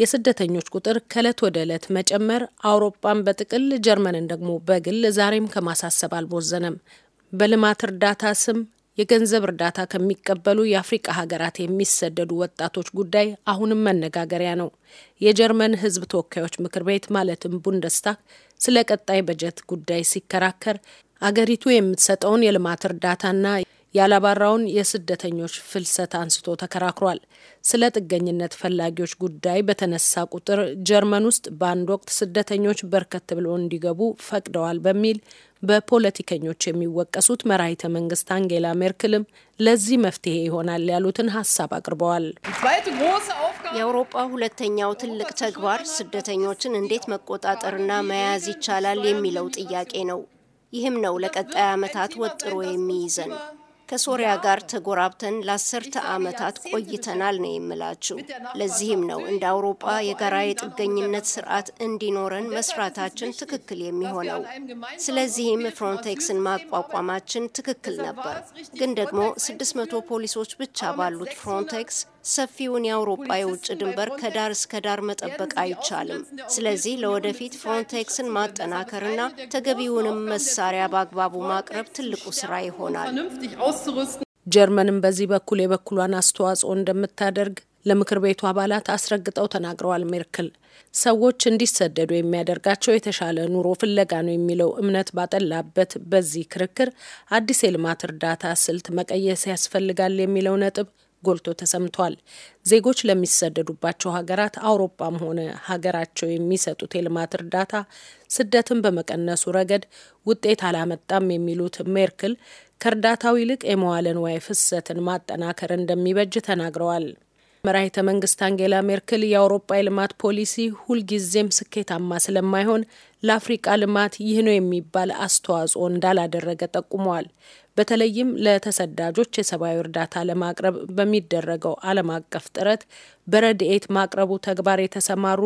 የስደተኞች ቁጥር ከእለት ወደ ዕለት መጨመር አውሮፓን በጥቅል ጀርመንን ደግሞ በግል ዛሬም ከማሳሰብ አልቦዘነም። በልማት እርዳታ ስም የገንዘብ እርዳታ ከሚቀበሉ የአፍሪቃ ሀገራት የሚሰደዱ ወጣቶች ጉዳይ አሁንም መነጋገሪያ ነው። የጀርመን ሕዝብ ተወካዮች ምክር ቤት ማለትም ቡንደስታ ስለ ቀጣይ በጀት ጉዳይ ሲከራከር አገሪቱ የምትሰጠውን የልማት እርዳታና ያላባራውን የስደተኞች ፍልሰት አንስቶ ተከራክሯል። ስለ ጥገኝነት ፈላጊዎች ጉዳይ በተነሳ ቁጥር ጀርመን ውስጥ በአንድ ወቅት ስደተኞች በርከት ብለው እንዲገቡ ፈቅደዋል በሚል በፖለቲከኞች የሚወቀሱት መራሂተ መንግስት አንጌላ ሜርክልም ለዚህ መፍትሄ ይሆናል ያሉትን ሀሳብ አቅርበዋል። የአውሮፓ ሁለተኛው ትልቅ ተግባር ስደተኞችን እንዴት መቆጣጠርና መያዝ ይቻላል የሚለው ጥያቄ ነው። ይህም ነው ለቀጣይ ዓመታት ወጥሮ የሚይዘን። ከሶሪያ ጋር ተጎራብተን ለአስርተ ዓመታት ቆይተናል ነው የምላችሁ። ለዚህም ነው እንደ አውሮጳ የጋራ የጥገኝነት ስርዓት እንዲኖረን መስራታችን ትክክል የሚሆነው። ስለዚህም ፍሮንቴክስን ማቋቋማችን ትክክል ነበር። ግን ደግሞ 600 ፖሊሶች ብቻ ባሉት ፍሮንቴክስ ሰፊውን የአውሮፓ የውጭ ድንበር ከዳር እስከ ዳር መጠበቅ አይቻልም። ስለዚህ ለወደፊት ፍሮንቴክስን ማጠናከርና ተገቢውንም መሳሪያ በአግባቡ ማቅረብ ትልቁ ስራ ይሆናል። ጀርመንም በዚህ በኩል የበኩሏን አስተዋጽኦ እንደምታደርግ ለምክር ቤቱ አባላት አስረግጠው ተናግረዋል። ሜርክል ሰዎች እንዲሰደዱ የሚያደርጋቸው የተሻለ ኑሮ ፍለጋ ነው የሚለው እምነት ባጠላበት በዚህ ክርክር አዲስ የልማት እርዳታ ስልት መቀየስ ያስፈልጋል የሚለው ነጥብ ጎልቶ ተሰምቷል። ዜጎች ለሚሰደዱባቸው ሀገራት አውሮፓም ሆነ ሀገራቸው የሚሰጡት የልማት እርዳታ ስደትን በመቀነሱ ረገድ ውጤት አላመጣም የሚሉት ሜርክል ከእርዳታው ይልቅ የመዋለ ንዋይ ፍሰትን ማጠናከር እንደሚበጅ ተናግረዋል። መራሂተ መንግስት አንጌላ ሜርክል የአውሮፓ የልማት ፖሊሲ ሁልጊዜም ስኬታማ ስለማይሆን ለአፍሪቃ ልማት ይህ ነው የሚባል አስተዋጽኦ እንዳላደረገ ጠቁመዋል። በተለይም ለተሰዳጆች የሰብአዊ እርዳታ ለማቅረብ በሚደረገው ዓለም አቀፍ ጥረት በረድኤት ማቅረቡ ተግባር የተሰማሩ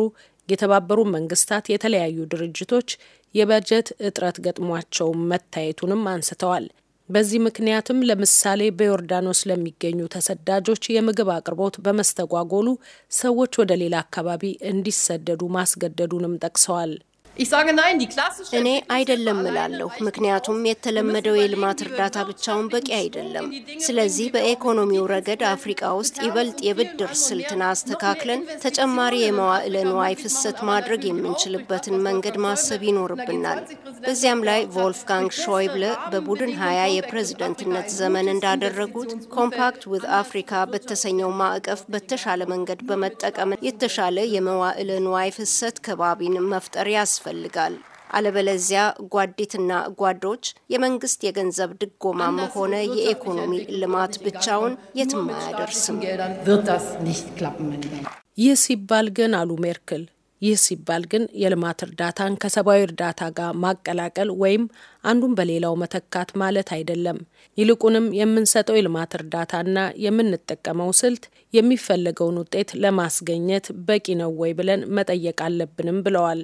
የተባበሩ መንግስታት የተለያዩ ድርጅቶች የበጀት እጥረት ገጥሟቸው መታየቱንም አንስተዋል። በዚህ ምክንያትም ለምሳሌ በዮርዳኖስ ለሚገኙ ተሰዳጆች የምግብ አቅርቦት በመስተጓጎሉ ሰዎች ወደ ሌላ አካባቢ እንዲሰደዱ ማስገደዱንም ጠቅሰዋል። እኔ አይደለም እላለሁ። ምክንያቱም የተለመደው የልማት እርዳታ ብቻውን በቂ አይደለም። ስለዚህ በኢኮኖሚው ረገድ አፍሪቃ ውስጥ ይበልጥ የብድር ስልትን አስተካክለን ተጨማሪ የመዋዕለ ንዋይ ፍሰት ማድረግ የምንችልበትን መንገድ ማሰብ ይኖርብናል። በዚያም ላይ ቮልፍጋንግ ሾይብለ በቡድን ሀያ የፕሬዝደንትነት ዘመን እንዳደረጉት ኮምፓክት ዊዝ አፍሪካ በተሰኘው ማዕቀፍ በተሻለ መንገድ በመጠቀም የተሻለ የመዋዕለ ንዋይ ፍሰት ከባቢን መፍጠር ያስፈልጋል። ያስፈልጋል። አለበለዚያ ጓዲትና ጓዶች የመንግስት የገንዘብ ድጎማም ሆነ የኢኮኖሚ ልማት ብቻውን የትም አያደርስም። ይህ ሲባል ግን አሉ ሜርክል፣ ይህ ሲባል ግን የልማት እርዳታን ከሰብአዊ እርዳታ ጋር ማቀላቀል ወይም አንዱን በሌላው መተካት ማለት አይደለም። ይልቁንም የምንሰጠው የልማት እርዳታና የምንጠቀመው ስልት የሚፈለገውን ውጤት ለማስገኘት በቂ ነው ወይ ብለን መጠየቅ አለብንም ብለዋል።